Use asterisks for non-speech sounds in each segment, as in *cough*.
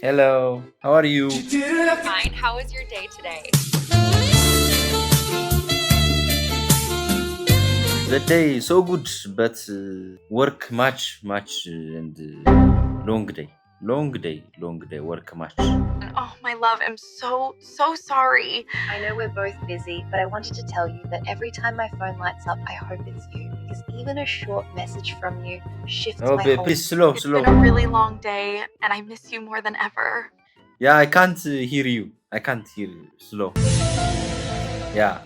Hello, how are you? Fine. How was your day today? The day so good, but uh, work much, much uh, and uh, long day long day, long day work match. Oh, my love, I'm so, so sorry. I know we're both busy, but I wanted to tell you that every time my phone lights up, I hope it's you. Because even a short message from you shifts oh, my babe, whole... Please, slow, it's slow. been a really long day, and I miss you more than ever. Yeah, I can't uh, hear you. I can't hear you. Slow. Yeah.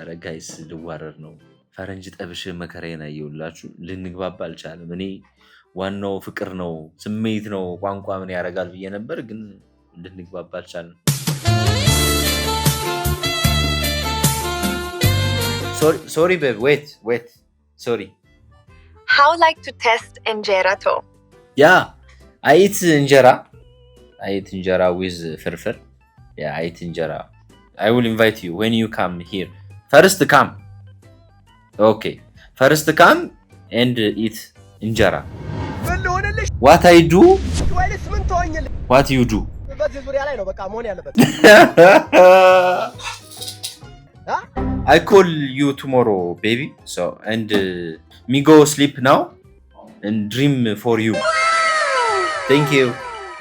ኧረ ጋይስ ልዋረር ነው ፈረንጅ ጠብሽ መከራዬን አየሁላችሁ ልንግባባ አልቻለም እኔ ዋናው ፍቅር ነው፣ ስሜት ነው፣ ቋንቋ ምን ያደርጋል ብዬ ነበር፣ ግን እንድንግባባ አልቻልንም። ሶሪ ቤቢ ዌት ዌት ሶሪ ሃው ላይክ ቱ ቴስት እንጀራ ቶ ያ አይት እንጀራ አይት እንጀራ ዊዝ ፍርፍር ያ አይት እንጀራ አይ ዊል ኢንቫይት ዩ ዌን ዩ ካም ሂር ፈርስት ካም ኦኬ ፈርስት ካም ኤንድ ኢት እንጀራ ዋት አይ ዱ ዋት ዩ ዱ በዚህ ዙሪያ ላይ ነው በቃ መሆን ያለበት። አይ ኮል ዩ ቱሞሮ ቤቢ ኤንድ ሚ ጎ ስሊፕ ናው ኤንድ ድሪም ፎር ዩ ቴንክ ዩ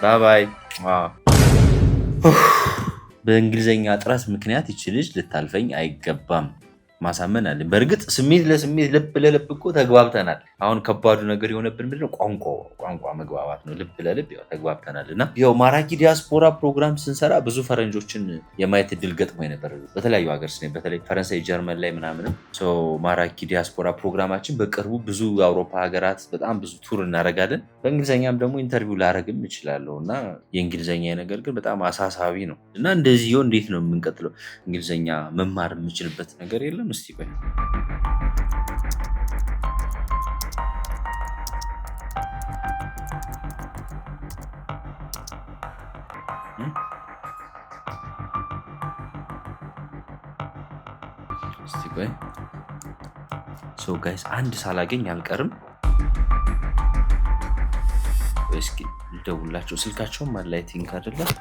ባይ ባይ። በእንግሊዝኛ ጥረት ምክንያት ይች ልጅ ልታልፈኝ አይገባም። ማሳመን አለ። በእርግጥ ስሜት ለስሜት ልብ ለልብ እኮ ተግባብተናል። አሁን ከባዱ ነገር የሆነብን ምንድነው? ቋንቋ ቋንቋ መግባባት ነው። ልብ ለልብ ያው ተግባብተናል። እና ያው ማራኪ ዲያስፖራ ፕሮግራም ስንሰራ ብዙ ፈረንጆችን የማየት እድል ገጥሞ የነበር በተለያዩ ሀገር ስ በተለይ ፈረንሳይ፣ ጀርመን ላይ ምናምንም ማራኪ ዲያስፖራ ፕሮግራማችን በቅርቡ ብዙ አውሮፓ ሀገራት በጣም ብዙ ቱር እናደርጋለን። በእንግሊዝኛም ደግሞ ኢንተርቪው ላደርግም እችላለሁ እና የእንግሊዝኛ ነገር ግን በጣም አሳሳቢ ነው እና እንደዚህ እንዴት ነው የምንቀጥለው? እንግሊዝኛ መማር የምችልበት ነገር የለም አይደለም? እስቲ ቆይ እስቲ ቆይ ሶ ጋይስ አንድ ሳላገኝ አልቀርም። እስኪ ደውላቸው ስልካቸውም አለ አይ ቲንክ አይደለም?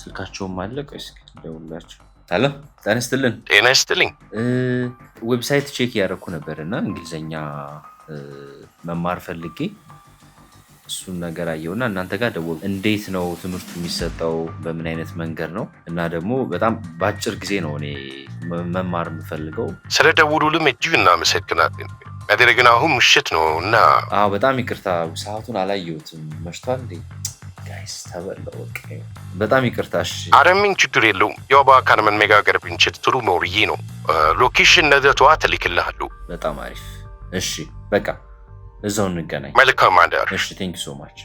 ስልካቸውም አለ። ቆይ እስኪ ልደውላቸው። አለ ጤና ይስጥልን። ጤና ይስጥልኝ። ዌብሳይት ቼክ እያደረኩ ነበር እና እንግሊዝኛ መማር ፈልጌ እሱን ነገር አየውና እናንተ ጋር ደወሉ። እንዴት ነው ትምህርቱ የሚሰጠው? በምን አይነት መንገድ ነው? እና ደግሞ በጣም በአጭር ጊዜ ነው እኔ መማር የምፈልገው። ስለ ደውሉልም እጅግ እናመሰግናለን። ነገር ግን አሁን ምሽት ነው እና በጣም ይቅርታ ሰዓቱን አላየሁትም። መሽቷል እንዴ? ጋይስ ተበላው። በጣም ይቅርታ። እሺ አረሚን ችግር የለውም። ያው በአካል መነጋገር ብንችል ጥሩ መውርዬ ነው። ሎኬሽን ነገ ጠዋት እልክልሃለሁ። በጣም አሪፍ። እሺ በቃ እዛው እንገናኝ። መልካም አዳር። እሺ ቴንክ ሶ ማች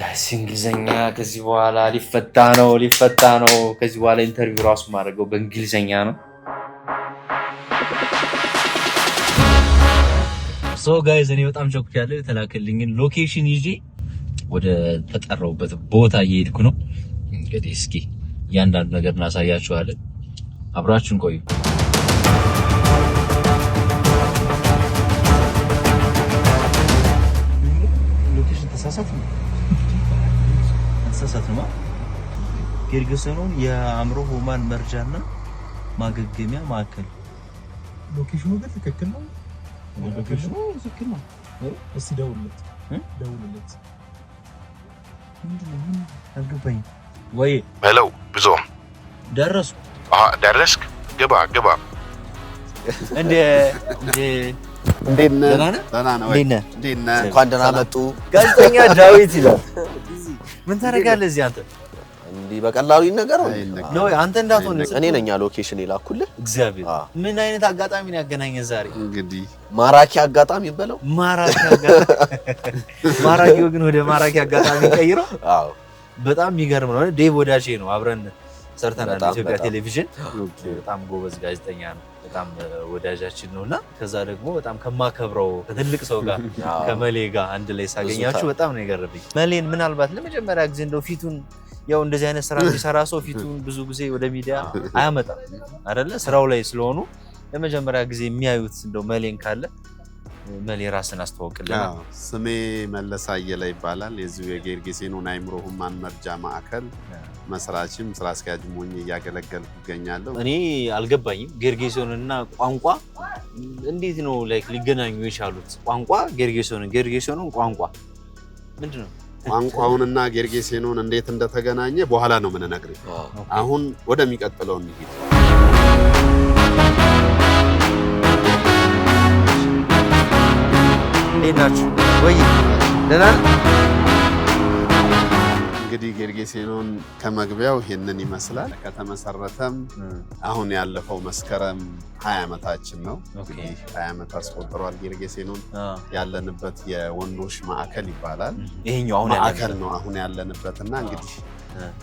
ጋይስ። እንግሊዘኛ ከዚህ በኋላ ሊፈታ ነው፣ ሊፈታ ነው። ከዚህ በኋላ ኢንተርቪው ራሱ ማድረገው በእንግሊዘኛ ነው። ሶ ጋይዝ እኔ በጣም ቸኩቻለሁ። የተላከልኝን ሎኬሽን ይዤ ወደ ተጠራውበት ቦታ እየሄድኩ ነው። እንግዲህ እስኪ እያንዳንዱ ነገር እናሳያችኋለን። አብራችሁን ቆዩ። ጌርጌሴኖን የአእምሮ ህሙማን መርጃና ማገገሚያ ማዕከል ሎኬሽኑ ግን ትክክል ነው። ሎኬሽኑ ትክክል ነው። እስኪ ደውልለት ደውልለት ወይ በለው ብዙ ደረስኩ። ደረስክ? ግባ ግባ። እንኳን ደህና መጡ ጋዜጠኛ ዳዊት ይላል። ምን ታደርጋለህ እዚህ አንተ? እንዲህ በቀላሉ ይነገር ነው። አንተ እንዳትሆን እኔ ነኝ ሎኬሽን የላኩልህ። እግዚአብሔር ምን አይነት አጋጣሚ ነው ያገናኘ ዛሬ? እንግዲህ ማራኪ አጋጣሚ ይበለው። ማራኪ አጋጣሚ *laughs* ማራኪ ወግን ወደ ማራኪ አጋጣሚ ቀይረው። አዎ በጣም የሚገርም ነው። ዴቭ ወዳጄ ነው፣ አብረን ሰርተናል ኢትዮጵያ ቴሌቪዥን። በጣም ጎበዝ ጋዜጠኛ ነው፣ በጣም ወዳጃችን ነው እና ከዛ ደግሞ በጣም ከማከብረው ከትልቅ ሰው ጋር ከመሌ ጋር አንድ ላይ ሳገኛችሁ በጣም ነው የገረመኝ። መሌን ምናልባት ለመጀመሪያ ጊዜ እንደው ፊቱን ያው እንደዚህ አይነት ስራ የሚሰራ ሰው *laughs* ፊቱን ብዙ ጊዜ ወደ ሚዲያ አያመጣም አይደለ? ስራው ላይ ስለሆኑ ለመጀመሪያ ጊዜ የሚያዩት እንደው መሌን ካለ መሌ ራስን አስተዋውቅልናል። ስሜ መለሳ አየለ ይባላል። የዚሁ የጌርጌሴኖን አእምሮ ህሙማን መርጃ ማዕከል መስራችም ስራ አስኪያጅ ሆኜ እያገለገልኩ ይገኛለሁ። እኔ አልገባኝም። እና ቋንቋ እንዴት ነው ላይክ ሊገናኙ የቻሉት? ቋንቋ ጌርጌሴኖን፣ ጌርጌሴኖን ቋንቋ ምንድን ነው? ቋንቋውንና ጌርጌሴኑን እንዴት እንደተገናኘ በኋላ ነው ምንነግር። አሁን ወደሚቀጥለው እንሂድ። እንዴት ናችሁ ወይ? ደህና ጌሴኖን ከመግቢያው ይህንን ይመስላል። ከተመሰረተም አሁን ያለፈው መስከረም ሀያ ዓመታችን ነው። እንግዲህ ሀያ ዓመት አስቆጥሯል። ጌርጌሴኖን ያለንበት የወንዶች ማዕከል ይባላል። ይሄኛው ማዕከል ነው አሁን ያለንበት እና እንግዲህ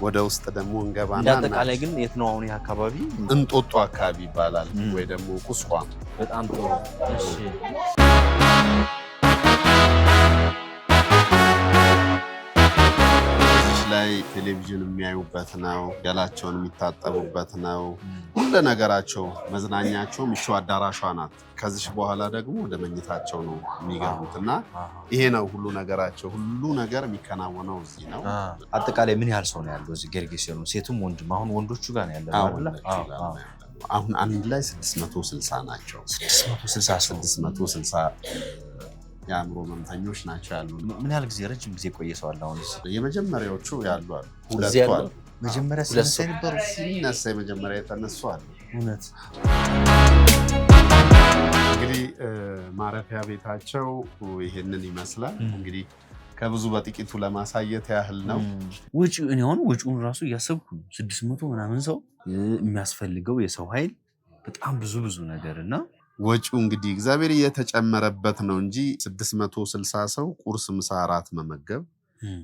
ወደ ውስጥ ደግሞ እንገባና አጠቃላይ ግን የት ነው አሁን አካባቢ? እንጦጦ አካባቢ ይባላል ወይ ደግሞ ቁስቋም። በጣም ጥሩ እሺ። ላይ ቴሌቪዥን የሚያዩበት ነው። ገላቸውን የሚታጠቡበት ነው። ሁሉ ነገራቸው መዝናኛቸው ምቹ አዳራሿ ናት። ከዚሽ በኋላ ደግሞ ወደ መኝታቸው ነው የሚገቡት እና ይሄ ነው ሁሉ ነገራቸው። ሁሉ ነገር የሚከናወነው እዚህ ነው። አጠቃላይ ምን ያህል ሰው ነው ያለው እዚህ ጌርጌሴኖ? ሴቱም ወንድም። አሁን ወንዶቹ ጋር ነው ያለው አሁን አንድ ላይ 660 ናቸው። 660 የአእምሮ መምተኞች ናቸው ያሉ። ምን ያህል ጊዜ ረጅም ጊዜ ቆየ ሰው አለ? አሁን የመጀመሪያዎቹ ያሉ አሉ፣ ሁለቱ አሉ። መጀመሪያ ሲነሳ ነበሩ። ሲነሳ የመጀመሪያ የተነሱ አሉ። እውነት እንግዲህ ማረፊያ ቤታቸው ይሄንን ይመስላል። እንግዲህ ከብዙ በጥቂቱ ለማሳየት ያህል ነው። ውጭ ሆኑ ውጭውን ራሱ እያሰብኩ ነው። ስድስት መቶ ምናምን ሰው የሚያስፈልገው የሰው ኃይል በጣም ብዙ ብዙ ነገር እና ወጪው እንግዲህ እግዚአብሔር እየተጨመረበት ነው እንጂ 660 ሰው ቁርስ፣ ምሳ፣ እራት መመገብ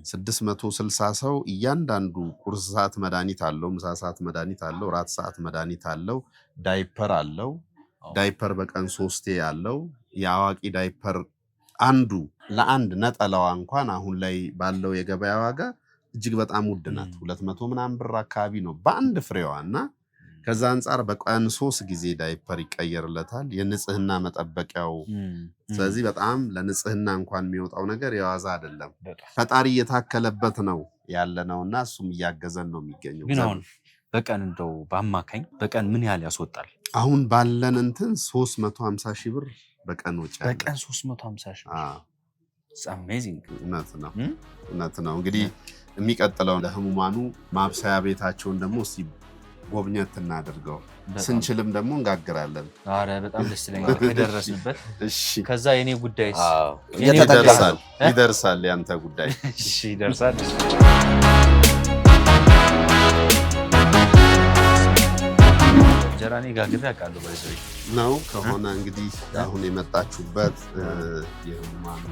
660 ሰው እያንዳንዱ ቁርስ ሰዓት መድኃኒት አለው፣ ምሳ ሰዓት መድኃኒት አለው፣ ራት ሰዓት መድኃኒት አለው፣ ዳይፐር አለው። ዳይፐር በቀን ሶስቴ አለው። የአዋቂ ዳይፐር አንዱ ለአንድ ነጠላዋ እንኳን አሁን ላይ ባለው የገበያ ዋጋ እጅግ በጣም ውድ ናት። ሁለት መቶ ምናምን ብር አካባቢ ነው በአንድ ፍሬዋ እና ከዛ አንጻር በቀን ሶስት ጊዜ ዳይፐር ይቀየርለታል፣ የንጽህና መጠበቂያው። ስለዚህ በጣም ለንጽህና እንኳን የሚወጣው ነገር የዋዛ አይደለም። ፈጣሪ እየታከለበት ነው ያለ እና እሱም እያገዘን ነው የሚገኘው። ግን አሁን በቀን እንደው በአማካኝ በቀን ምን ያህል ያስወጣል? አሁን ባለን እንትን ሶስት መቶ ሀምሳ ሺህ ብር በቀን ወጪ በቀን ሶስት መቶ ሀምሳ ሺህ እውነት ነው እውነት ነው። እንግዲህ የሚቀጥለው ለህሙማኑ ማብሰያ ቤታቸውን ደግሞ ጎብኘት እናድርገው። ስንችልም ደግሞ እንጋግራለን። በጣም ደስ ይለኛል ከዛ የኔ ጉዳይ ይደርሳል፣ ያንተ ጉዳይ ይደርሳል። እንጀራ እኔ ጋግሬ አውቃለሁ። በዚህ ነው ከሆነ እንግዲህ አሁን የመጣችሁበት የህሙማን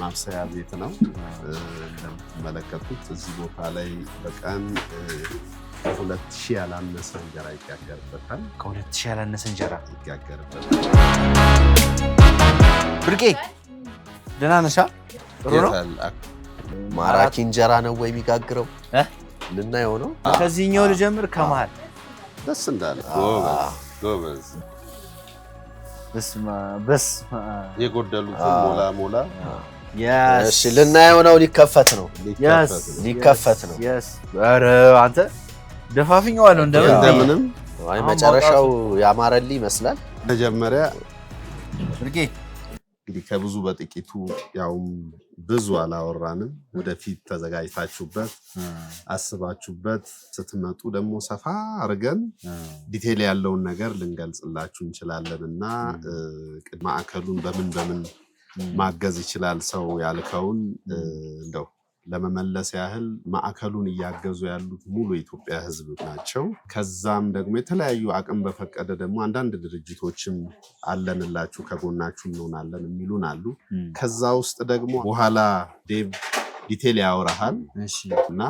ማብሰያ ቤት ነው። እንደምትመለከቱት እዚህ ቦታ ላይ በቀን ከሁለት ሺህ ያላነሰ እንጀራ ይጋገርበታል። ከሁለት ሺህ ያላነሰ እንጀራ ይጋገርበታል። ብርቄ ደህና ጥሩ ነው። ማራኪ እንጀራ ነው ወይ የሚጋግረው? ልናየው ነው። ከዚህኛው ልጀምር። ከመሀል ደስ እንዳለ ጎበዝ። በስመ ሞላ ልናየው ነው። ሊከፈት ነው። ሊከፈት ነው። ኧረ አንተ ደፋፍኛዋለሁ እንደምንም። አይ መጨረሻው ያማረልህ ይመስላል። መጀመሪያ እንግዲህ ከብዙ በጥቂቱ ያውም ብዙ አላወራንም። ወደፊት ተዘጋጅታችሁበት አስባችሁበት ስትመጡ ደግሞ ሰፋ አድርገን ዲቴል ያለውን ነገር ልንገልጽላችሁ እንችላለን እና ማዕከሉን በምን በምን ማገዝ ይችላል ሰው ያልከውን እንደው ለመመለስ ያህል ማዕከሉን እያገዙ ያሉት ሙሉ የኢትዮጵያ ሕዝብ ናቸው። ከዛም ደግሞ የተለያዩ አቅም በፈቀደ ደግሞ አንዳንድ ድርጅቶችም አለንላችሁ ከጎናችሁ እንሆናለን የሚሉን አሉ። ከዛ ውስጥ ደግሞ በኋላ ዴቭ ዲቴል ያወራሃል እና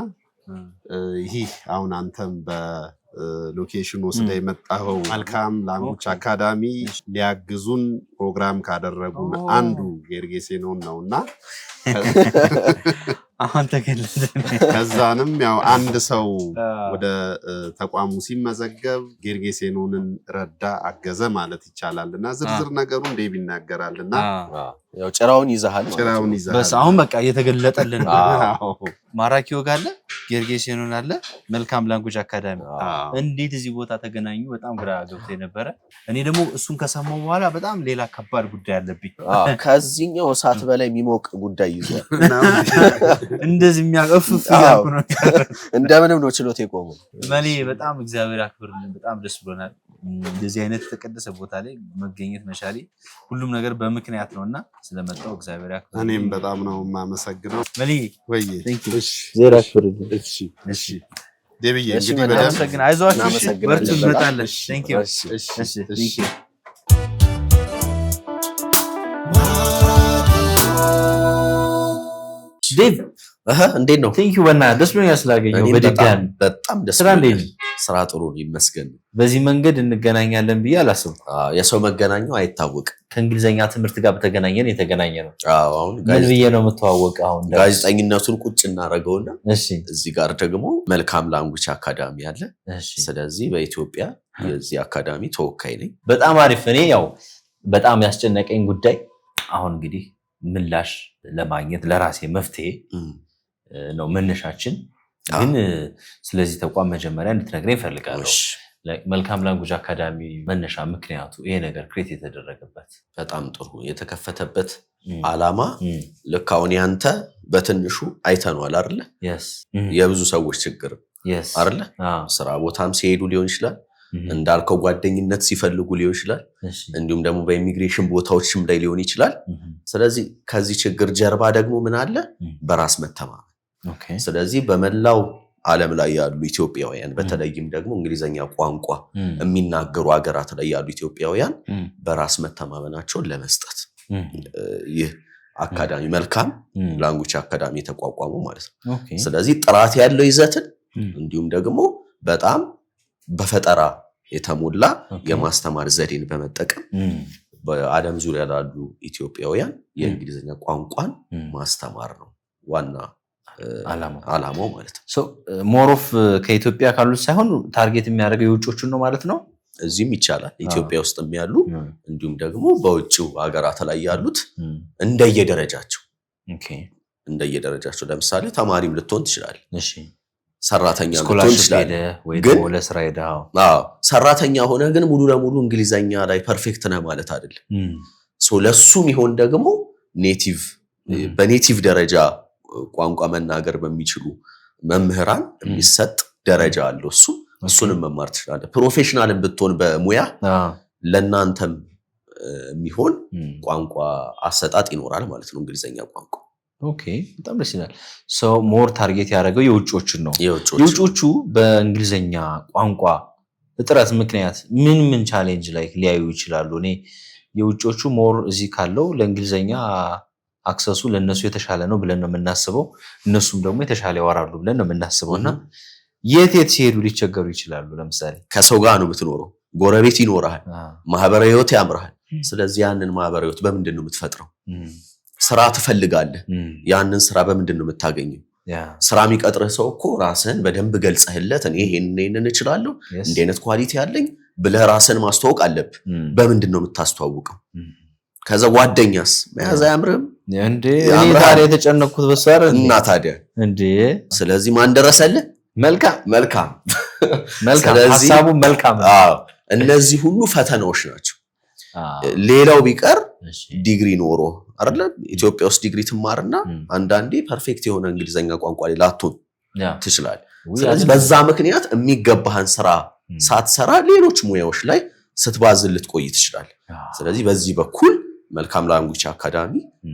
ይህ አሁን አንተም በሎኬሽን ወስደ የመጣኸው መልካም ላንጉች አካዳሚ ሊያግዙን ፕሮግራም ካደረጉን አንዱ ጌርጌሴኖን እና *laughs* አሁን ተገለጸ። ከዛንም ያው አንድ ሰው ወደ ተቋሙ ሲመዘገብ ጌርጌሴኖንን ረዳ አገዘ ማለት ይቻላል እና ዝርዝር ነገሩ እንዴ ይናገራል እና ያው ጭራውን ይዛሃል፣ ጭራውን አሁን በቃ እየተገለጠልን ማራኪ ወግ አለ፣ ጌርጌሴኖን አለ፣ መልካም ላንጉጅ አካዳሚ እንዴት እዚህ ቦታ ተገናኙ? በጣም ግራ ገብቶ የነበረ እኔ ደግሞ እሱን ከሰማው በኋላ በጣም ሌላ ከባድ ጉዳይ አለብኝ። ከዚህኛው እሳት በላይ የሚሞቅ ጉዳይ ይዘ እንደዚህ የሚያቀፍፍ እንደምንም ነው ችሎት የቆሙ መኔ በጣም እግዚአብሔር አክብርልን። በጣም ደስ ብሎናል። እንደዚህ አይነት የተቀደሰ ቦታ ላይ መገኘት መቻሌ ሁሉም ነገር በምክንያት ነው እና ስለመጣው እግዚአብሔር አክብር። እኔም በጣም ነው የማመሰግነው መኔ ወይ ዜር አክብርልን። ደብዬ እንግዲህ በጣም አይዟችሁ፣ በርቱ፣ እንመጣለን። ዴቭ እንዴት ነው? ቴንክ ዩ በና ደስ ብሎኛል ስላገኘው በድጋሚ በጣም ደስ ብሎኛል። ስራ ጥሩ ይመስገን። በዚህ መንገድ እንገናኛለን ብዬ አላስብም። የሰው መገናኛው አይታወቅም። ከእንግሊዝኛ ትምህርት ጋር በተገናኘን የተገናኘ ነው። ምን ብዬ ነው የምተዋወቅ? አሁን ጋዜጠኝነቱን ቁጭ እናደርገውና እዚህ ጋር ደግሞ መልካም ላንጉች አካዳሚ አለ። ስለዚህ በኢትዮጵያ የዚህ አካዳሚ ተወካይ ነኝ። በጣም አሪፍ። እኔ ያው በጣም ያስጨነቀኝ ጉዳይ አሁን እንግዲህ ምላሽ ለማግኘት ለራሴ መፍትሄ ነው መነሻችን። ግን ስለዚህ ተቋም መጀመሪያ እንድትነግረኝ እፈልጋለሁ። መልካም ላንጉጅ አካዳሚ መነሻ ምክንያቱ ይሄ ነገር ክሬት የተደረገበት በጣም ጥሩ የተከፈተበት አላማ ልክ አሁን ያንተ በትንሹ አይተኗል አይደለ? የብዙ ሰዎች ችግር አይደለ? ስራ ቦታም ሲሄዱ ሊሆን ይችላል እንዳልከው ጓደኝነት ሲፈልጉ ሊሆን ይችላል። እንዲሁም ደግሞ በኢሚግሬሽን ቦታዎችም ላይ ሊሆን ይችላል። ስለዚህ ከዚህ ችግር ጀርባ ደግሞ ምን አለ? በራስ መተማ ስለዚህ በመላው ዓለም ላይ ያሉ ኢትዮጵያውያን በተለይም ደግሞ እንግሊዘኛ ቋንቋ የሚናገሩ ሀገራት ላይ ያሉ ኢትዮጵያውያን በራስ መተማመናቸውን ለመስጠት ይህ አካዳሚ መልካም ላንጉች አካዳሚ የተቋቋመው ማለት ነው። ስለዚህ ጥራት ያለው ይዘትን እንዲሁም ደግሞ በጣም በፈጠራ የተሞላ የማስተማር ዘዴን በመጠቀም በዓለም ዙሪያ ላሉ ኢትዮጵያውያን የእንግሊዝኛ ቋንቋን ማስተማር ነው ዋና አላማው ማለት ነው። ሞሮፍ ከኢትዮጵያ ካሉት ሳይሆን ታርጌት የሚያደርገው የውጮቹን ነው ማለት ነው። እዚህም ይቻላል ኢትዮጵያ ውስጥም ያሉ እንዲሁም ደግሞ በውጭው ሀገራት ላይ ያሉት እንደየደረጃቸው እንደየደረጃቸው ለምሳሌ ተማሪም ልትሆን ትችላል፣ ሰራተኛ ልትሆን ትችላል። ሰራተኛ ሆነ ግን ሙሉ ለሙሉ እንግሊዘኛ ላይ ፐርፌክት ነህ ማለት አይደለም። ለሱ ይሆን ደግሞ ኔቲቭ በኔቲቭ ደረጃ ቋንቋ መናገር በሚችሉ መምህራን የሚሰጥ ደረጃ አለው። እሱ እሱንም መማር ትችላለ። ፕሮፌሽናልን ብትሆን በሙያ ለእናንተም የሚሆን ቋንቋ አሰጣጥ ይኖራል ማለት ነው። እንግሊዝኛ ቋንቋ ኦኬ፣ በጣም ደስ ይላል። ሰው ሞር ታርጌት ያደረገው የውጮችን ነው። የውጮቹ በእንግሊዝኛ ቋንቋ እጥረት ምክንያት ምን ምን ቻሌንጅ ላይ ሊያዩ ይችላሉ? እኔ የውጮቹ ሞር እዚህ ካለው ለእንግሊዝኛ አክሰሱ ለእነሱ የተሻለ ነው ብለን ነው የምናስበው። እነሱም ደግሞ የተሻለ ያወራሉ ብለን ነው የምናስበው እና የት የት ሲሄዱ ሊቸገሩ ይችላሉ። ለምሳሌ ከሰው ጋር ነው የምትኖረው፣ ጎረቤት ይኖርሃል፣ ማህበራዊ ህይወት ያምርሃል። ስለዚህ ያንን ማህበራዊ ህይወት በምንድን ነው የምትፈጥረው? ስራ ትፈልጋለህ። ያንን ስራ በምንድን ነው የምታገኘው? ስራ የሚቀጥርህ ሰው እኮ ራስህን በደንብ ገልጸህለት እኔ ይሄንን እችላለሁ፣ እንዲህ አይነት ኳሊቲ ያለኝ ብለህ ራስህን ማስተዋወቅ አለብህ። በምንድን ነው የምታስተዋውቀው? ከዛ ጓደኛስ መያዝ አያምርም እንዴ? ታዲያ እና ታዲያ እንዴ። ስለዚህ ማን ደረሰልህ? መልካም መልካም መልካም ሐሳቡ መልካም። አዎ እነዚህ ሁሉ ፈተናዎች ናቸው። ሌላው ቢቀር ዲግሪ ኖሮ አይደለ? ኢትዮጵያ ውስጥ ዲግሪ ትማርና አንዳንዴ ፐርፌክት የሆነ እንግሊዘኛ ቋንቋ ላይ ላትሆን ስለዚህ በዛ ምክንያት የሚገባህን ስራ ሳትሰራ ሌሎች ሙያዎች ላይ ስትባዝን ልትቆይ ትችላለህ። ስለዚህ በዚህ በኩል መልካም ላንጉች አካዳሚ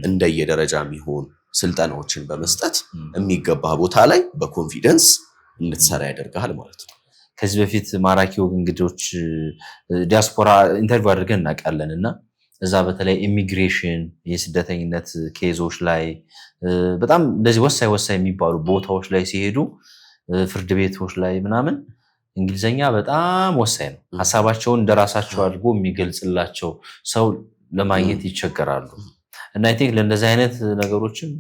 እንደየደረጃ የሚሆን ስልጠናዎችን በመስጠት የሚገባ ቦታ ላይ በኮንፊደንስ እንድትሰራ ያደርግሃል ማለት ነው። ከዚህ በፊት ማራኪ ወግ እንግዶች ዲያስፖራ ኢንተርቪው አድርገን እናውቃለን እና እዛ በተለይ ኢሚግሬሽን የስደተኝነት ኬዞች ላይ በጣም እንደዚህ ወሳኝ ወሳኝ የሚባሉ ቦታዎች ላይ ሲሄዱ ፍርድ ቤቶች ላይ ምናምን እንግሊዝኛ በጣም ወሳኝ ነው። ሀሳባቸውን እንደራሳቸው አድርጎ የሚገልጽላቸው ሰው ለማግኘት ይቸገራሉ። እና ቲንክ ለእንደዚህ አይነት ነገሮችም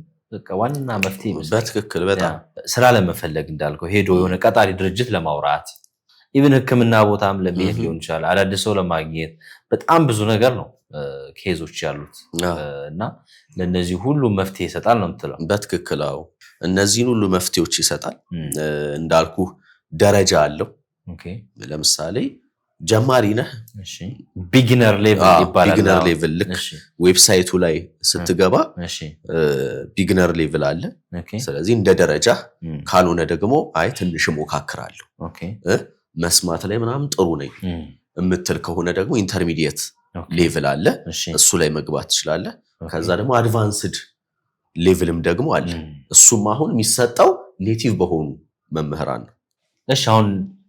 ዋና መፍትሄ በትክክል በጣም ስራ ለመፈለግ እንዳልከው ሄዶ የሆነ ቀጣሪ ድርጅት ለማውራት ኢቨን ሕክምና ቦታም ለመሄድ ሊሆን ይችላል። አዳዲስ ሰው ለማግኘት በጣም ብዙ ነገር ነው ኬዞች ያሉት እና ለእነዚህ ሁሉ መፍትሄ ይሰጣል ነው የምትለው? በትክክል አዎ፣ እነዚህን ሁሉ መፍትሄዎች ይሰጣል። እንዳልኩ ደረጃ አለው። ለምሳሌ ጀማሪ ነህ ቢግነር ሌቭል ቢግነር ሌቭል ልክ ዌብሳይቱ ላይ ስትገባ ቢግነር ሌቭል አለ። ስለዚህ እንደ ደረጃ ካልሆነ ደግሞ አይ ትንሽ ሞካክራለሁ መስማት ላይ ምናምን ጥሩ ነኝ የምትል ከሆነ ደግሞ ኢንተርሚዲየት ሌቭል አለ፣ እሱ ላይ መግባት ትችላለህ። ከዛ ደግሞ አድቫንስድ ሌቭልም ደግሞ አለ። እሱም አሁን የሚሰጠው ኔቲቭ በሆኑ መምህራን ነው። እሺ አሁን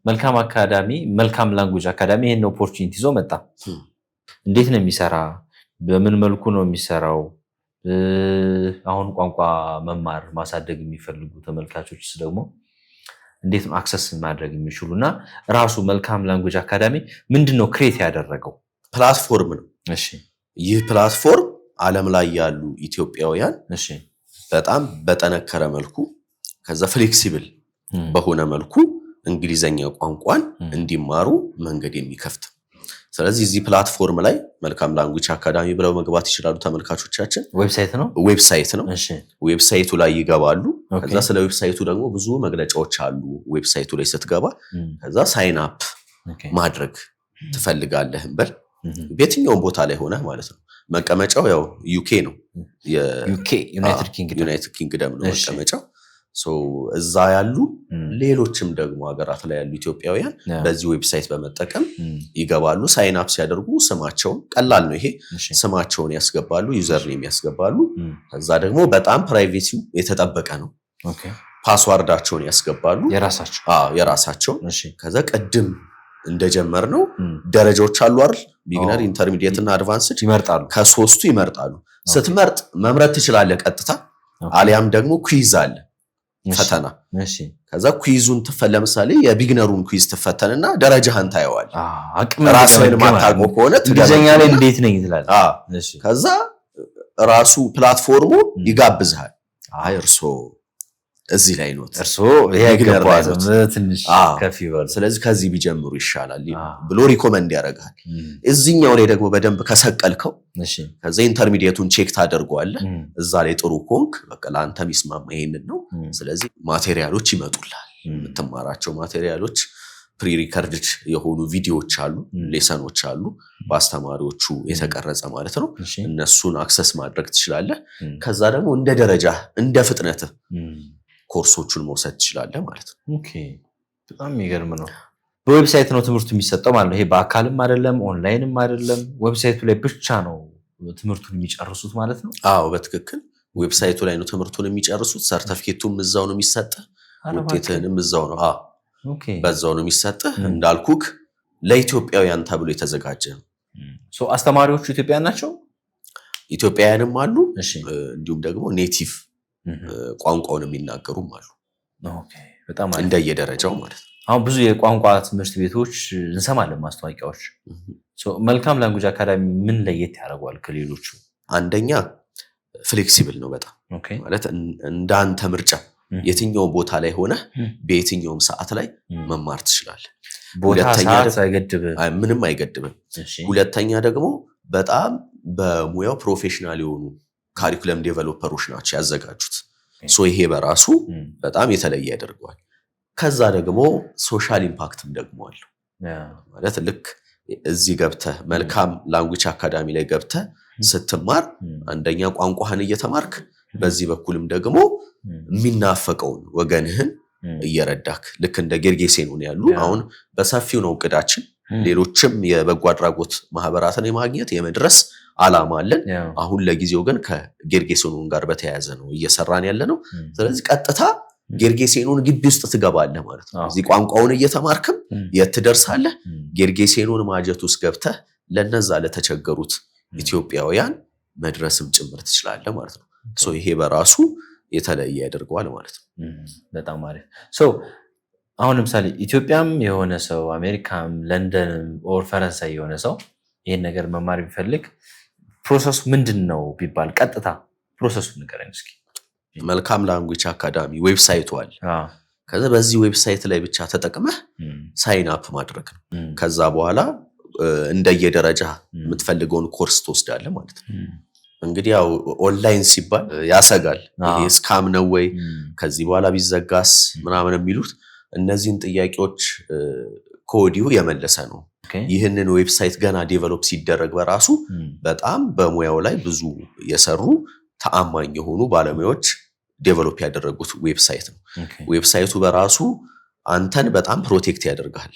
መልካም አካዳሚ መልካም ላንጉጅ አካዳሚ ይህን ኦፖርቹኒቲ ይዞ መጣ። እንዴት ነው የሚሰራ? በምን መልኩ ነው የሚሰራው? አሁን ቋንቋ መማር ማሳደግ የሚፈልጉ ተመልካቾች ደግሞ እንዴት ነው አክሰስ ማድረግ የሚችሉ እና ራሱ መልካም ላንጉጅ አካዳሚ ምንድን ነው ክሬት ያደረገው ፕላትፎርም ነው። ይህ ፕላትፎርም ዓለም ላይ ያሉ ኢትዮጵያውያን በጣም በጠነከረ መልኩ ከዛ ፍሌክሲብል በሆነ መልኩ እንግሊዘኛ ቋንቋን እንዲማሩ መንገድ የሚከፍት ስለዚህ እዚህ ፕላትፎርም ላይ መልካም ላንጉች አካዳሚ ብለው መግባት ይችላሉ። ተመልካቾቻችን ዌብሳይት ነው ዌብሳይት ነው። ዌብሳይቱ ላይ ይገባሉ። ከዛ ስለ ዌብሳይቱ ደግሞ ብዙ መግለጫዎች አሉ። ዌብሳይቱ ላይ ስትገባ ከዛ ሳይን አፕ ማድረግ ትፈልጋለህን በል በየትኛውም ቦታ ላይ ሆነ ማለት ነው። መቀመጫው ያው ዩኬ ነው፣ ዩናይትድ ኪንግደም ነው መቀመጫው እዛ ያሉ ሌሎችም ደግሞ ሀገራት ላይ ያሉ ኢትዮጵያውያን በዚህ ዌብሳይት በመጠቀም ይገባሉ። ሳይንፕ ሲያደርጉ ስማቸውን ቀላል ነው ይሄ ስማቸውን ያስገባሉ፣ ዩዘርኔም ያስገባሉ። ከዛ ደግሞ በጣም ፕራይቬሲ የተጠበቀ ነው። ፓስዋርዳቸውን ያስገባሉ የራሳቸው። ከዛ ቅድም እንደጀመር ነው ደረጃዎች አሉ አይደል? ቢግነር ኢንተርሚዲየት እና አድቫንስድ ይመርጣሉ። ከሶስቱ ይመርጣሉ። ስትመርጥ መምረጥ ትችላለህ ቀጥታ፣ አሊያም ደግሞ ኩይዝ አለ ፈተና ከዛ ኩዙን ኩይዙን ለምሳሌ የቢግነሩን ኩይዝ ትፈተንና ደረጃህን ታየዋል። ራስን ማታቆ ከሆነ እንግሊዝኛ ላይ እንዴት ነኝ ትላለህ። ከዛ ራሱ ፕላትፎርሙ ይጋብዝሃል። አይ እርሶ እዚህ ላይ ኖት እርሶ ስለዚህ ከዚህ ቢጀምሩ ይሻላል ብሎ ሪኮመንድ ያደርጋል። እዚህኛው ላይ ደግሞ በደንብ ከሰቀልከው ከዚ ኢንተርሚዲየቱን ቼክ ታደርገዋለ። እዛ ላይ ጥሩ ኮንክ በቃ ለአንተ ሚስማማ ይሄንን ነው። ስለዚህ ማቴሪያሎች ይመጡላል። የምትማራቸው ማቴሪያሎች ፕሪሪከርድድ የሆኑ ቪዲዮዎች አሉ፣ ሌሰኖች አሉ፣ በአስተማሪዎቹ የተቀረጸ ማለት ነው። እነሱን አክሰስ ማድረግ ትችላለህ። ከዛ ደግሞ እንደ ደረጃ እንደ ፍጥነትህ ኮርሶቹን መውሰድ ትችላለህ ማለት ነው። በጣም የሚገርም ነው። በዌብሳይት ነው ትምህርቱ የሚሰጠው ማለት ነው። ይሄ በአካልም አይደለም ኦንላይንም አይደለም፣ ዌብሳይቱ ላይ ብቻ ነው ትምህርቱን የሚጨርሱት ማለት ነው። አዎ በትክክል ዌብሳይቱ ላይ ነው ትምህርቱን የሚጨርሱት። ሰርተፊኬቱም እዛው ነው የሚሰጠ፣ ውጤትህንም እዛው ነው በዛው ነው የሚሰጥህ። እንዳልኩክ ለኢትዮጵያውያን ተብሎ የተዘጋጀ ነው። አስተማሪዎቹ ኢትዮጵያውያን ናቸው፣ ኢትዮጵያውያንም አሉ እንዲሁም ደግሞ ኔቲቭ ቋንቋውን የሚናገሩም አሉ። እንደየደረጃው ማለት ነው። አሁን ብዙ የቋንቋ ትምህርት ቤቶች እንሰማለን ማስታወቂያዎች። መልካም ላንጉጅ አካዳሚ ምን ለየት ያደርገዋል ከሌሎቹ? አንደኛ ፍሌክሲብል ነው በጣም ማለት ምርጫ የትኛው ቦታ ላይ ሆነ በየትኛውም ሰዓት ላይ መማር ትችላለህ። ምንም አይገድብም። ሁለተኛ ደግሞ በጣም በሙያው ፕሮፌሽናል የሆኑ ካሪኩለም ዴቨሎፐሮች ናቸው ያዘጋጁት። ሶ ይሄ በራሱ በጣም የተለየ ያደርገዋል። ከዛ ደግሞ ሶሻል ኢምፓክትም ደግሞ አለው ማለት ልክ እዚህ ገብተ መልካም ላንጉጅ አካዳሚ ላይ ገብተ ስትማር አንደኛ ቋንቋህን እየተማርክ በዚህ በኩልም ደግሞ የሚናፈቀውን ወገንህን እየረዳክ ልክ እንደ ጌርጌሴኖን ያሉ አሁን በሰፊው ነው እቅዳችን ሌሎችም የበጎ አድራጎት ማህበራትን የማግኘት የመድረስ አላማ አለን። አሁን ለጊዜው ግን ከጌርጌሴኖን ጋር በተያያዘ ነው እየሰራን ያለ ነው። ስለዚህ ቀጥታ ጌርጌሴኖን ግቢ ውስጥ ትገባለህ ማለት ነው። እዚህ ቋንቋውን እየተማርክም የት ትደርሳለህ? ጌርጌሴኖን ማጀት ውስጥ ገብተህ ለነዛ ለተቸገሩት ኢትዮጵያውያን መድረስም ጭምር ትችላለህ ማለት ነው። ይሄ በራሱ የተለየ ያደርገዋል ማለት ነው። በጣም አሪፍ አሁን ለምሳሌ ኢትዮጵያም የሆነ ሰው አሜሪካም፣ ለንደንም ኦር ፈረንሳይ የሆነ ሰው ይህን ነገር መማር ቢፈልግ ፕሮሰሱ ምንድን ነው ቢባል ቀጥታ ፕሮሰሱ ንገረኝ እስኪ። መልካም ላንጉጅ አካዳሚ ዌብሳይቱ አለ። ከዛ በዚህ ዌብሳይት ላይ ብቻ ተጠቅመህ ሳይን አፕ ማድረግ ነው። ከዛ በኋላ እንደየደረጃ የምትፈልገውን ኮርስ ትወስዳለህ ማለት ነው። እንግዲህ ያው ኦንላይን ሲባል ያሰጋል። ስካም ነው ወይ ከዚህ በኋላ ቢዘጋስ ምናምን የሚሉት እነዚህን ጥያቄዎች ከወዲሁ የመለሰ ነው። ይህንን ዌብሳይት ገና ዴቨሎፕ ሲደረግ በራሱ በጣም በሙያው ላይ ብዙ የሰሩ ተአማኝ የሆኑ ባለሙያዎች ዴቨሎፕ ያደረጉት ዌብሳይት ነው። ዌብሳይቱ በራሱ አንተን በጣም ፕሮቴክት ያደርጋል።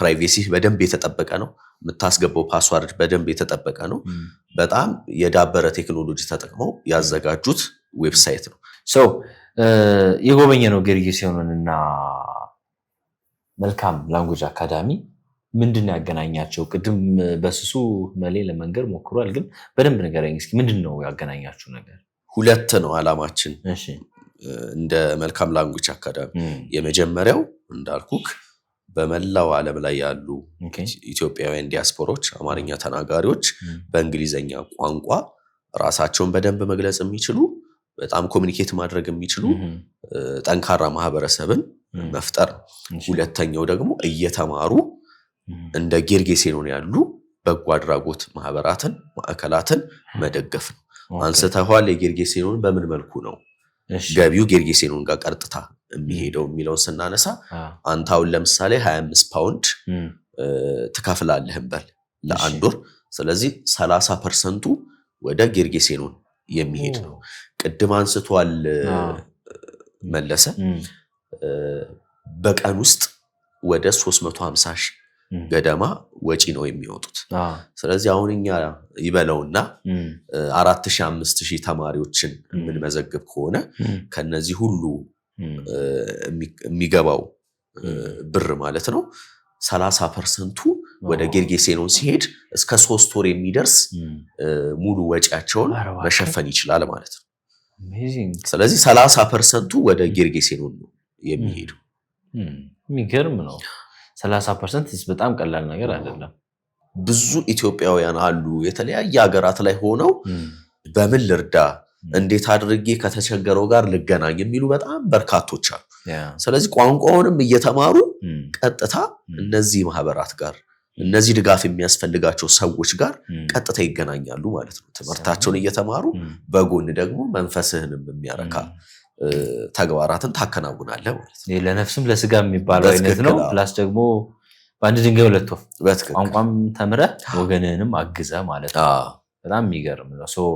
ፕራይቬሲ በደንብ የተጠበቀ ነው። የምታስገባው ፓስዋርድ በደንብ የተጠበቀ ነው። በጣም የዳበረ ቴክኖሎጂ ተጠቅመው ያዘጋጁት ዌብሳይት ነው። የጎበኘ ነው ገርጌ ሲሆኑን እና መልካም ላንጉጅ አካዳሚ ምንድን ያገናኛቸው? ቅድም በስሱ መሌ ለመንገድ ሞክሯል፣ ግን በደንብ ንገረኝ እስኪ ምንድን ነው ያገናኛችሁ ነገር? ሁለት ነው አላማችን እንደ መልካም ላንጉጅ አካዳሚ። የመጀመሪያው እንዳልኩክ በመላው ዓለም ላይ ያሉ ኢትዮጵያውያን ዲያስፖሮች፣ አማርኛ ተናጋሪዎች በእንግሊዘኛ ቋንቋ ራሳቸውን በደንብ መግለጽ የሚችሉ በጣም ኮሚኒኬት ማድረግ የሚችሉ ጠንካራ ማህበረሰብን መፍጠር፣ ሁለተኛው ደግሞ እየተማሩ እንደ ጌርጌሴኖን ያሉ በጎ አድራጎት ማህበራትን ማዕከላትን መደገፍ ነው። አንስተኋል። የጌርጌሴኖን በምን መልኩ ነው ገቢው ጌርጌሴኖን ጋር ቀጥታ የሚሄደው የሚለውን ስናነሳ አንተ አሁን ለምሳሌ 25 ፓውንድ ትከፍላለህ በል ለአንድ ወር። ስለዚህ 30 ፐርሰንቱ ወደ ጌርጌሴኖን የሚሄድ ነው። ቅድም አንስቷል መለሰ በቀን ውስጥ ወደ 350 ሺህ ገደማ ወጪ ነው የሚወጡት። ስለዚህ አሁን እኛ ይበለውና አራት ሺህ አምስት ሺህ ተማሪዎችን የምንመዘግብ ከሆነ ከነዚህ ሁሉ የሚገባው ብር ማለት ነው 30 ፐርሰንቱ ወደ ነው ሲሄድ እስከ ሶስት ወር የሚደርስ ሙሉ ወጪያቸውን መሸፈን ይችላል ማለት ነው። ስለዚህ ሰላሳ ፐርሰንቱ ወደ ጌርጌሴ ነው የሚሄዱ የሚገርም ነው። ሰላሳ ፐርሰንት በጣም ቀላል ነገር አይደለም። ብዙ ኢትዮጵያውያን አሉ የተለያየ ሀገራት ላይ ሆነው በምን ልርዳ፣ እንዴት አድርጌ ከተቸገረው ጋር ልገናኝ የሚሉ በጣም በርካቶች አሉ። ስለዚህ ቋንቋውንም እየተማሩ ቀጥታ እነዚህ ማህበራት ጋር እነዚህ ድጋፍ የሚያስፈልጋቸው ሰዎች ጋር ቀጥታ ይገናኛሉ ማለት ነው። ትምህርታቸውን እየተማሩ በጎን ደግሞ መንፈስህንም የሚያረካ ተግባራትን ታከናውናለህ ማለት ነው። ለነፍስም ለስጋ የሚባለው አይነት ነው። ፕላስ ደግሞ በአንድ ድንጋይ ሁለት ወፍ፣ ቋንቋም ተምረ ወገንህንም አግዘ ማለት ነው። በጣም የሚገርም ነው።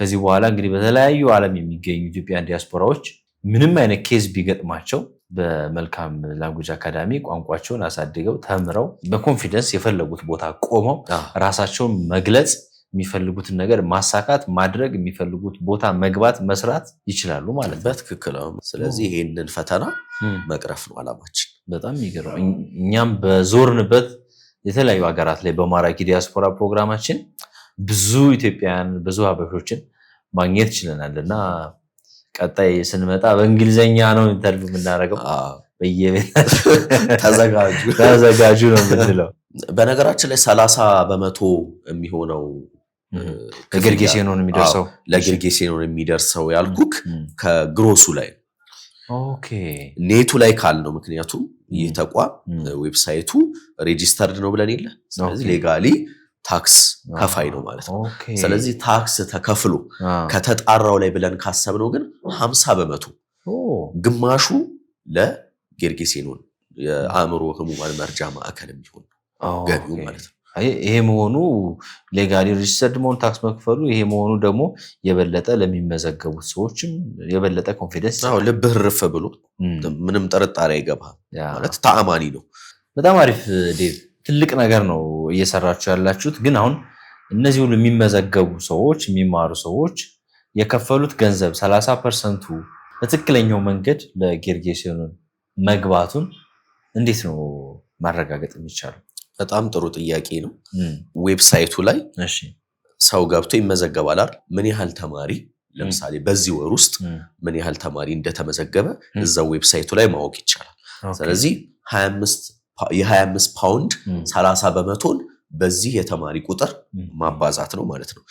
ከዚህ በኋላ እንግዲህ በተለያዩ ዓለም የሚገኙ ኢትዮጵያን ዲያስፖራዎች ምንም አይነት ኬዝ ቢገጥማቸው በመልካም ላንጉጅ አካዳሚ ቋንቋቸውን አሳድገው ተምረው በኮንፊደንስ የፈለጉት ቦታ ቆመው ራሳቸውን መግለጽ የሚፈልጉትን ነገር ማሳካት ማድረግ የሚፈልጉት ቦታ መግባት መስራት ይችላሉ ማለት ነው። በትክክል ስለዚህ ይህንን ፈተና መቅረፍ ነው አላማችን። በጣም የሚገርም እኛም በዞርንበት የተለያዩ ሀገራት ላይ በማራኪ ዲያስፖራ ፕሮግራማችን ብዙ ኢትዮጵያውያን ብዙ ሀበሾችን ማግኘት ችለናል እና ቀጣይ ስንመጣ በእንግሊዝኛ ነው ኢንተርቪው የምናደርገው። በየቤታችሁ ተዘጋጁ ነው የምንለው። በነገራችን ላይ ሰላሳ በመቶ የሚሆነው ለጌርጌሴኖን የሚደርሰው የሚደርሰው ያልኩክ ከግሮሱ ላይ ኔቱ ላይ ካል ነው። ምክንያቱም ይህ ተቋም ዌብሳይቱ ሬጂስተርድ ነው ብለን የለ ስለዚህ ሌጋሊ ታክስ ከፋይ ነው ማለት ነው። ስለዚህ ታክስ ተከፍሎ ከተጣራው ላይ ብለን ካሰብነው ግን ሀምሳ በመቶ ግማሹ ለጌርጌሴኖን የአእምሮ ህሙማን መርጃ ማዕከል የሚሆን ገቢው ማለት ነው። ይሄ መሆኑ ሌጋሊ ሪጅስተርድ መሆኑ ታክስ መክፈሉ ይሄ መሆኑ ደግሞ የበለጠ ለሚመዘገቡት ሰዎችም የበለጠ ኮንፊደንስ ልብህ ርፍ ብሎ ምንም ጥርጣሬ አይገባ ማለት ተአማኒ ነው። በጣም አሪፍ ዴቭ፣ ትልቅ ነገር ነው እየሰራችሁ ያላችሁት። ግን አሁን እነዚህ ሁሉ የሚመዘገቡ ሰዎች የሚማሩ ሰዎች የከፈሉት ገንዘብ 30 ፐርሰንቱ በትክክለኛው መንገድ ለጌርጌሴኖን መግባቱን እንዴት ነው ማረጋገጥ የሚቻለው? በጣም ጥሩ ጥያቄ ነው። ዌብሳይቱ ላይ ሰው ገብቶ ይመዘገባል አይደል? ምን ያህል ተማሪ ለምሳሌ በዚህ ወር ውስጥ ምን ያህል ተማሪ እንደተመዘገበ እዛው ዌብሳይቱ ላይ ማወቅ ይቻላል። ስለዚህ የ25 ፓውንድ 30 በመቶን በዚህ የተማሪ ቁጥር ማባዛት ነው ማለት ነው።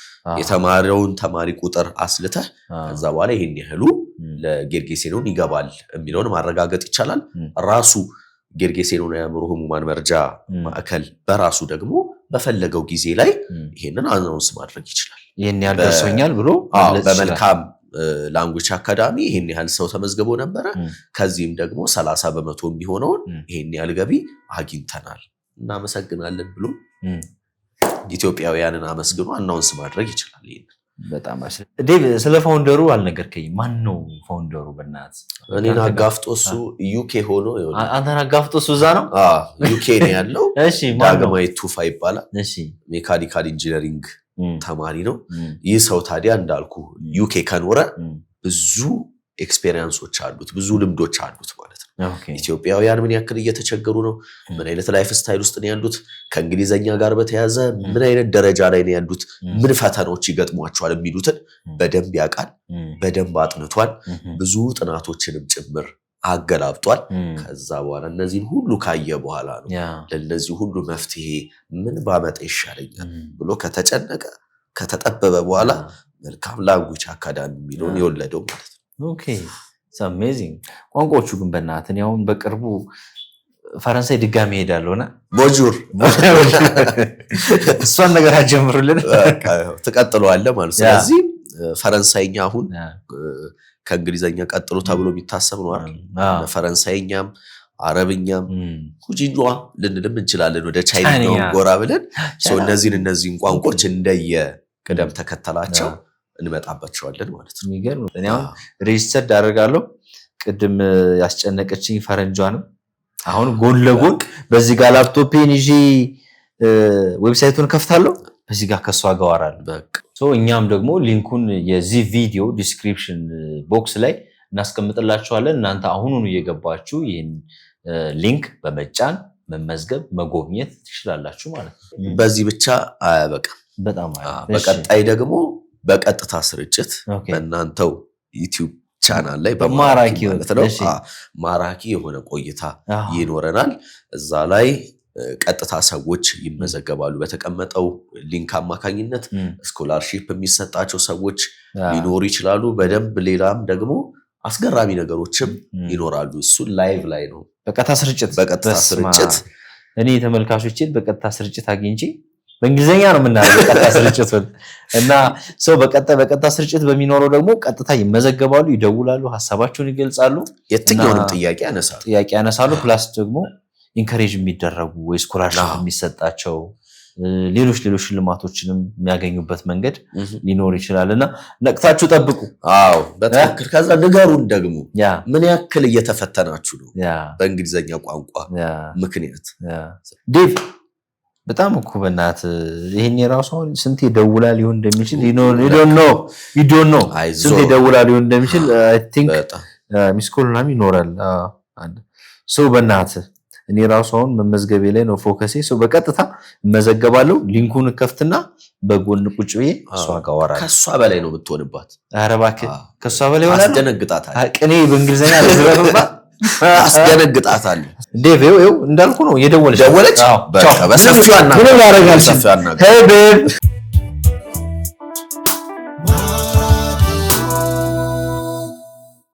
የተማሪውን ተማሪ ቁጥር አስልተህ ከዛ በኋላ ይህን ያህሉ ለጌርጌሴኖን ይገባል የሚለውን ማረጋገጥ ይቻላል ራሱ ጌርጌሴኖን ምሮ ህሙማን መርጃ ማዕከል በራሱ ደግሞ በፈለገው ጊዜ ላይ ይሄንን አናውንስ ማድረግ ይችላል። ይህን ያህል ደርሶኛል ብሎ በመልካም ላንጉች አካዳሚ ይህን ያህል ሰው ተመዝግቦ ነበረ፣ ከዚህም ደግሞ ሰላሳ በመቶ የሚሆነውን ይህን ያህል ገቢ አግኝተናል፣ እናመሰግናለን ብሎ ኢትዮጵያውያንን አመስግኖ አናውንስ ማድረግ ይችላል ይህንን በጣም ዴቭ፣ ስለ ፋውንደሩ አልነገርከኝም። ማን ነው ፋውንደሩ? በእናትህ እኔን አጋፍጦ እሱ ዩኬ ሆኖ አንተን አጋፍጦ እሱ እዛ ነው ዩኬ ነው ያለው። *laughs* ዳግማዊ ቱፋ ይባላል። ሜካኒካል ኢንጂነሪንግ ተማሪ ነው። ይህ ሰው ታዲያ እንዳልኩ ዩኬ ከኖረ ብዙ ኤክስፔሪንሶች አሉት፣ ብዙ ልምዶች አሉት ማለት ኢትዮጵያውያን ምን ያክል እየተቸገሩ ነው? ምን አይነት ላይፍ ስታይል ውስጥ ነው ያሉት? ከእንግሊዘኛ ጋር በተያያዘ ምን አይነት ደረጃ ላይ ነው ያሉት? ምን ፈተናዎች ይገጥሟቸዋል? የሚሉትን በደንብ ያውቃል፣ በደንብ አጥንቷል፣ ብዙ ጥናቶችንም ጭምር አገላብጧል። ከዛ በኋላ እነዚህን ሁሉ ካየ በኋላ ነው ለነዚህ ሁሉ መፍትሄ ምን ባመጣ ይሻለኛል ብሎ ከተጨነቀ ከተጠበበ በኋላ መልካም ላንጉች አካዳሚ የሚለውን የወለደው ማለት ነው። አሜዚንግ ቋንቋዎቹ ግን በእናትን ያሁን በቅርቡ ፈረንሳይ ድጋሚ ሄዳለሁ እና ቦጁር እሷን ነገር አጀምሩልን ትቀጥለዋለ ማለት ስለዚህ ፈረንሳይኛ አሁን ከእንግሊዘኛ ቀጥሎ ተብሎ የሚታሰብ ነው አይደል ፈረንሳይኛም አረብኛም ሁጂንዋ ልንልም እንችላለን ወደ ቻይና ጎራ ብለን *gasps* እነዚህን እነዚህን ቋንቋዎች እንደየ ቅደም ተከተላቸው እንመጣባቸዋለን ማለት ነው። የሚገርም እኔ አሁን ሬጅስተር አደርጋለሁ። ቅድም ያስጨነቀችኝ ፈረንጇንም አሁን ጎን ለጎን በዚህ ጋር ላፕቶፔን ይዤ ዌብሳይቱን ከፍታለሁ፣ በዚህ ጋር ከሷ ጋር አወራለሁ። እኛም ደግሞ ሊንኩን የዚህ ቪዲዮ ዲስክሪፕሽን ቦክስ ላይ እናስቀምጥላችኋለን። እናንተ አሁኑኑ እየገባችሁ ይህን ሊንክ በመጫን መመዝገብ፣ መጎብኘት ትችላላችሁ ማለት ነው። በዚህ ብቻ አያበቃም። በጣም በቀጣይ ደግሞ በቀጥታ ስርጭት በእናንተው ዩቲዩብ ቻናል ላይ በማራኪ ማለት ነው ማራኪ የሆነ ቆይታ ይኖረናል። እዛ ላይ ቀጥታ ሰዎች ይመዘገባሉ። በተቀመጠው ሊንክ አማካኝነት ስኮላርሺፕ የሚሰጣቸው ሰዎች ሊኖሩ ይችላሉ። በደንብ ሌላም ደግሞ አስገራሚ ነገሮችም ይኖራሉ። እሱን ላይቭ ላይ ነው በቀጥታ ስርጭት በቀጥታ ስርጭት እኔ ተመልካቾችን በቀጥታ ስርጭት አግኝቼ በእንግሊዝኛ ነው የምናደርገው ቀጥታ ስርጭቱን እና ሰው በቀጥታ ስርጭት በሚኖረው ደግሞ ቀጥታ ይመዘገባሉ፣ ይደውላሉ፣ ሀሳባቸውን ይገልጻሉ፣ የትኛውንም ጥያቄ ያነሳሉ ጥያቄ ያነሳሉ። ፕላስ ደግሞ ኢንከሬጅ የሚደረጉ ወይ ስኮላርሽፕ የሚሰጣቸው ሌሎች ሌሎች ሽልማቶችንም የሚያገኙበት መንገድ ሊኖር ይችላል እና ነቅታችሁ ጠብቁ። አዎ በትክክል ከዛ ንገሩን ደግሞ ምን ያክል እየተፈተናችሁ ነው በእንግሊዝኛ ቋንቋ ምክንያት ዴቭ በጣም እኮ በእናት ይሄን የራሱ አሁን ስንት ደውላ ሊሆን እንደሚችል ዶኖ ስንት የደውላ ሊሆን እንደሚችል ሚስኮል ምናምን ይኖራል። ሰው በእናት እኔ ራሱ አሁን መመዝገቤ ላይ ነው ፎከሴ። ሰው በቀጥታ እመዘገባለሁ። ሊንኩን ከፍትና በጎን ቁጭ ብዬ እሷ ጋር አወራለሁ። ከእሷ በላይ ነው የምትሆንባት። ኧረ እባክህ ከእሷ በላይ ሆናለሁ። አስደነግጣታለሁ። ቅኔ በእንግሊዝኛ ዝረብባት አስደነግጣታል። ዴቭ ይኸው እንዳልኩ ነው የደወለች ደወለች። በቃ በሰፊው አናግራት።